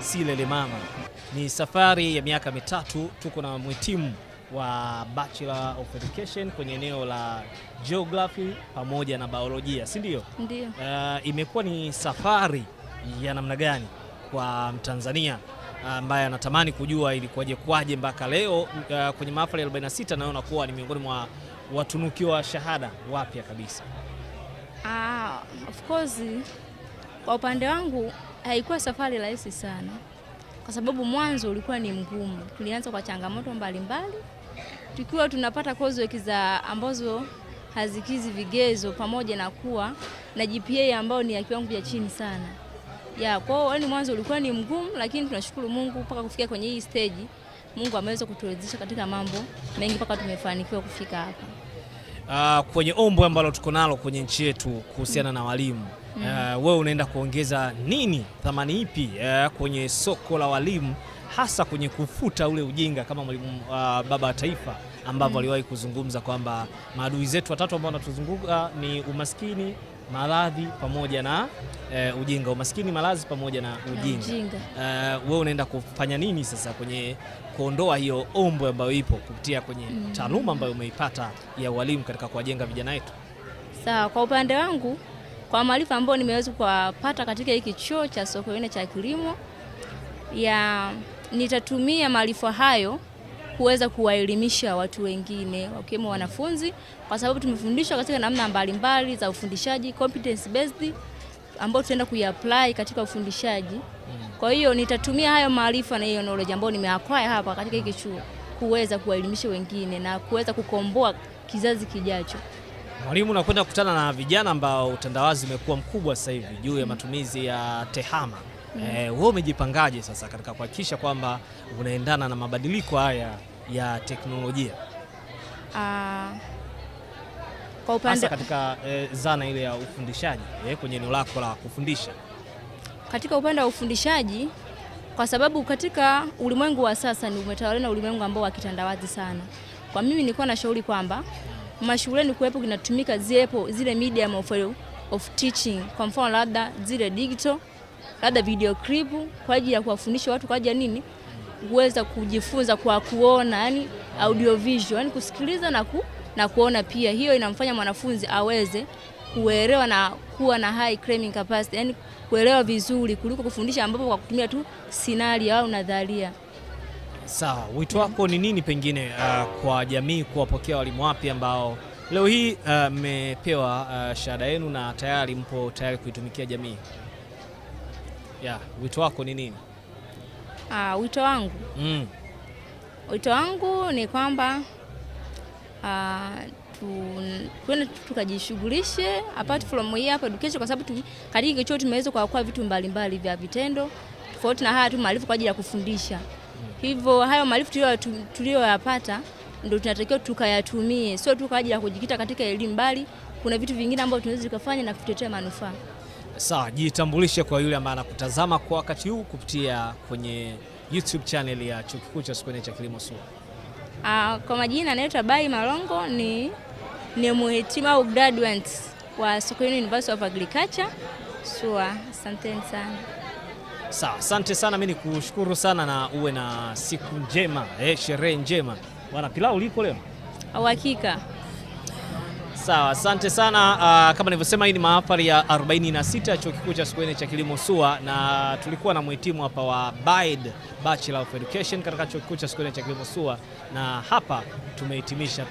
Silele Mama. Ni safari ya miaka mitatu, tuko na mhitimu wa Bachelor of Education kwenye eneo la Geography pamoja na biolojia, si ndio? Ndio. Uh, imekuwa ni safari ya namna gani kwa Mtanzania ambaye anatamani kujua ilikuwaje kwaje mpaka leo uh, kwenye mahafali ya 46 naona kuwa ni miongoni mwa watunukiwa wa shahada wapya kabisa. Ah, of course kwa upande wangu Haikuwa safari rahisi sana, kwa sababu mwanzo ulikuwa ni mgumu. Tulianza kwa changamoto mbalimbali mbali, tukiwa tunapata coursework za ambazo hazikizi vigezo pamoja na kuwa na GPA ambayo ni ya kiwango cha chini sana. Ya, kwa hiyo yani mwanzo ulikuwa ni mgumu, lakini tunashukuru Mungu mpaka kufikia kwenye hii stage Mungu ameweza kutuwezesha katika mambo mengi mpaka tumefanikiwa kufika hapa. Uh, kwenye ombwe ambalo tuko nalo kwenye nchi yetu kuhusiana na walimu mm. Uh, wewe unaenda kuongeza nini, thamani ipi uh, kwenye soko la walimu hasa kwenye kufuta ule ujinga kama mwalimu uh, baba wa taifa ambavyo mm. aliwahi kuzungumza kwamba maadui zetu watatu ambao wanatuzunguka ni umaskini, maradhi pamoja na uh, ujinga. Umaskini, maradhi pamoja na ujinga, ujinga. Uh, wewe unaenda kufanya nini sasa kwenye kuondoa hiyo ombwe ambayo ipo kupitia kwenye mm. taaluma ambayo umeipata ya ualimu katika kuwajenga vijana wetu? Sawa, kwa upande wangu kwa maarifa ambayo nimeweza kupata katika hiki chuo cha Sokoine cha kilimo ya nitatumia maarifa hayo kuweza kuwaelimisha watu wengine wakiwemo wanafunzi, kwa sababu tumefundishwa katika namna mbalimbali za ufundishaji competence based, ambao tutaenda kuiapply katika ufundishaji. Kwa hiyo nitatumia hayo maarifa na hiyo knowledge ambayo nimeacquire hapa katika hiki chuo kuweza kuwaelimisha wengine na kuweza kukomboa kizazi kijacho. Mwalimu, nakwenda kukutana na vijana ambao utandawazi umekuwa mkubwa sasa hivi juu ya matumizi ya tehama. mm. E, umejipangaje sasa katika kuhakikisha kwamba unaendana na mabadiliko haya ya teknolojia uh, kwa upande... hasa katika e, zana ile ya ufundishaji e, kwenye eneo lako la kufundisha katika upande wa ufundishaji, kwa sababu katika ulimwengu wa sasa ni umetawaliwa na ulimwengu ambao wa kitandawazi sana. Kwa mimi nilikuwa na shauri kwamba mashuleni kuwepo kinatumika zipo zile medium of, of teaching, kwa mfano labda zile digital, labda video clip kwa ajili ya kuwafundisha watu kwa ajili ya nini kuweza kujifunza kwa kuona, yani visual, yani kusikiliza na, ku, na kuona pia. Hiyo inamfanya mwanafunzi aweze kuelewa na kuwa na high claiming capacity, yani kuelewa vizuri kuliko kufundisha ambapo kwa kutumia tu scenario au nadharia. Sawa, wito wako ni nini pengine uh, kwa jamii kuwapokea walimu wapya ambao leo hii uh, mmepewa uh, uh, shahada yenu na tayari mpo tayari kuitumikia jamii? Yeah, wito wako ni nini? Uh, wito wangu mm. Wito wangu ni kwamba uh, ah, tuende tukajishughulishe apart mm. from hii hapa education, kwa sababu katika kichuo tumeweza kuokoa vitu mbalimbali mbali vya vitendo tofauti na haya tu maarifa kwa ajili ya kufundisha. Hivyo hayo maarifa tuliyoyapata ndio tunatakiwa tukayatumie, sio tu kwa ajili ya kujikita katika elimu, bali kuna vitu vingine ambavyo tunaweza tukafanya na kutuletea manufaa. Sawa, jitambulishe kwa yule ambaye anakutazama kwa wakati huu kupitia kwenye YouTube channel ya Chuo Kikuu cha Sokoine cha Kilimo SUA. Uh, kwa majina anaitwa Bai Malongo ni, ni muhitimu au graduate wa Sokoine University of Agriculture SUA. Asanteni sana. Sawa, asante sana, mi nikushukuru sana na uwe na siku njema eh, sherehe njema bwana. Pilau liko leo uhakika? Sawa, asante sana. Uh, kama nilivyosema, hii ni mahafali ya 46 ya Chuo Kikuu cha Sokoine cha Kilimo SUA, na tulikuwa na mhitimu hapa wa BIED Bachelor of Education katika Chuo Kikuu cha Sokoine cha Kilimo SUA, na hapa tumehitimisha.